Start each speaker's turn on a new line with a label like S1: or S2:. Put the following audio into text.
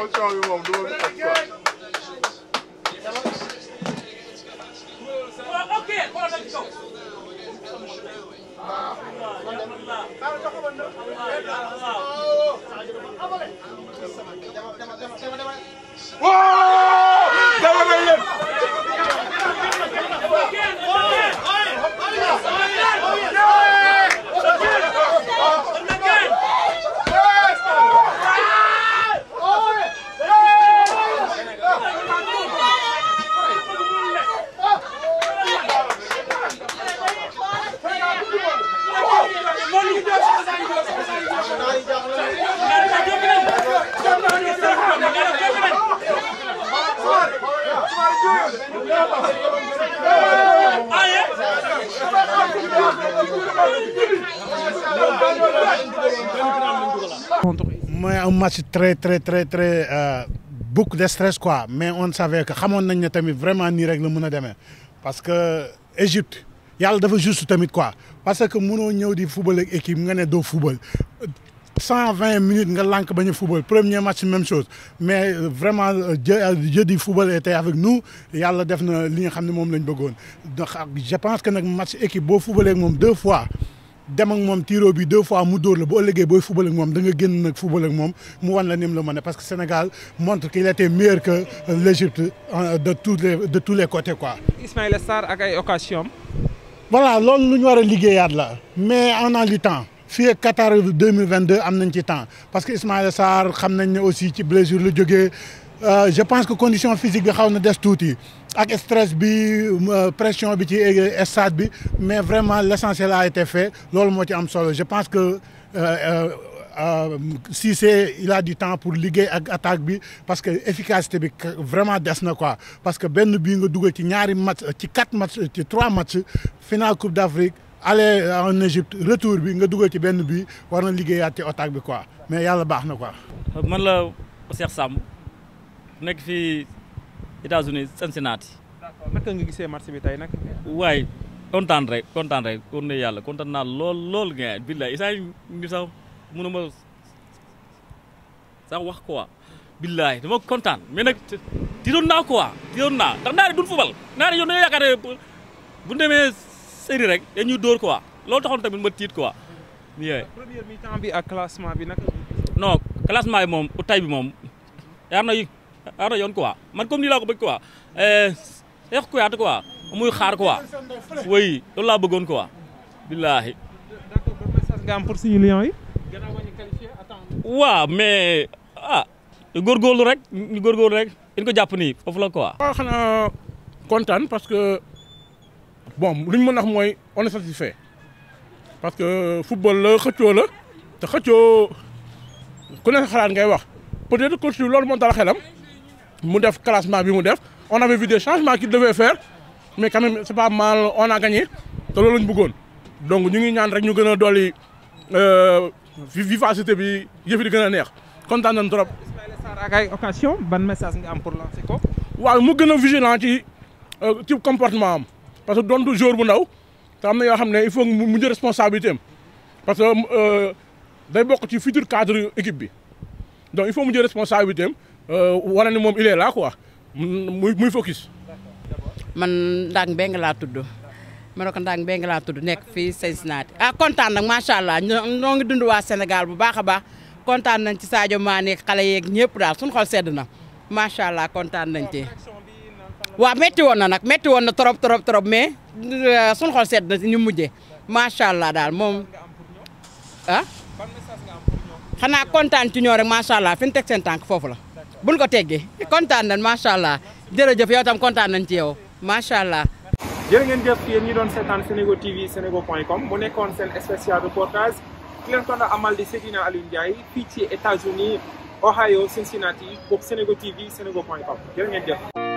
S1: émotion bi moom du ma gis ak quoi. waaw. un match très très très très euh, beaucoup de stress quoi mais on save que xamoon nañ ne tamit vraiment nii rek la mën a deme parce que Égypte yàlla dafa juste tamit quoi parce que munoo ñëw di football ak équipe nga ne doo football cent vingt minutes nga lànk bañ a football premier match même chose mais euh, vraiment euh, jeu euh, di football était avec nous yàlla def na li nga xam ne moom lañ bëggoon donc ah, je pense que nag match équipe boo footballee ak moom deux fois. dem moom tiro bi deux fois mu dóor la boo ëllëgee booy football moom da nga génn nag football moom mu wan la nim la mën a parce que Sénégal montre qu'il était meilleur que l'Égypte euh, de tous les côtés quoi.
S2: Ismaïla Sarr ak ay occasion
S1: voilà loolu lu ñu war a liggéeyaat la mais on a du temps. fii Qatar 2022 am na ci temps parce que Ismaïla Sarr xam na ne aussi ci blessure la jógee Euh, je pense que condition physique bi xaw na des tuuti ak stress bi euh, pression bi ci stade bi mais vraiment l' essentiel a été fait loolu moo ci am solo je pense que euh, Cissé il a du temps pour liggéey ak attaque bi parce que efficacité bi vraiment des na ko parce que benn bii nga dugal ci ñaari match ci quatre match ci trois match finale Coupe d' Afrique aller en Égypte retour bi nga dugal ci benn bi war na liggéeyaat ci attaque bi quoi mais yàlla baax na ko man
S3: la Cheikh Samb. nekk fi États-Unis Cincinnati. d'accord gisee match bi tey nag. waaye kontaan rek kontaan rek war na lool lool nga billaay isaa ngi sax mënuma sax wax quoi. billaay dama kontaan mais nag tiitoon naa quoi tiitoon naa ndax naari duñ fubal naari yow dañoo yaakaar ne bu demee série rek dañuy dóor quoi loolu taxoon tamit ma tiit quoi. yee bi nag. non classement bi moom tay bi moom aara yoon quoi man comme ni ko bëgg quoi Cheikh Kouyaté quoi muy xaar quoi oui loolu laa bëggoon quoi billaahi. d'accord nga am pour suñu Lions yi. gannaaw ba ñu qualifié mais ah, góorgóorlu rek ñu góorgóorlu rek dañu ko jàpp nii foofu la quoi.
S2: waaw ah, xanaa kontaan parce que
S3: bon li ñu mën a wax
S2: mooy on satisfait parce que football la xëccoo la te xëccoo ku ne xalaat ngay wax peut-être que loolu moo dara xelam. mu def classement bi mu def on avait vu des changements qu'il devait faire mais quand même c'est pas mal on a gagné te loolu lañ bëggoon donc ñu ngi ñaan rek ñu gën a dolli euh, vivacité bi yëf di gën a neex kontaan nañ trop. Ismaïla Sarr ban message nga am pour lancer ko. waaw mu gën a vigilant ci euh, ci comportement am parce que donte jour bu ndaw te am na yoo xam ne il faut mu jël responsabilité parce que euh, day bokk ci futur cadre équipe bi donc il faut mu jël responsabilité am Euh, wala ni moom il est là quoi muy muy focus.
S3: man Ndang Mbengue laa tudd man ne ko Ndang Mbengue laa tudd nekk fii naat ah kontaan nag macha allah ñoo ngi dund waa Sénégal bu baax a baax kontaan nañ ci Sadio Mané xale yeeg ñëpp daal suñu xol sedd na macha allah kontaan nañ ci. waaw métti na nag métti woon na trop trop trop mais euh, suñu xol sedd na ñu mujjee macha allah daal moom ah. xanaa kontaan ci ñoo rek macha allah fi ñu teg seen tànk foofu la. bul ko teggi kontaan nañ macha allah jërëjëf yow tam kontaan nañ ci yow macha allah. jërë ngeen jëf yéen ñi doon seetaan
S2: Senego TV senego point com mu nekkoon seen spécial reportage ki leen doon amal di Seydina Aliou Ndiaye ci États-Unis Ohio Cincinnati pour Senego TV senego point com jërë
S3: ngeen jëf.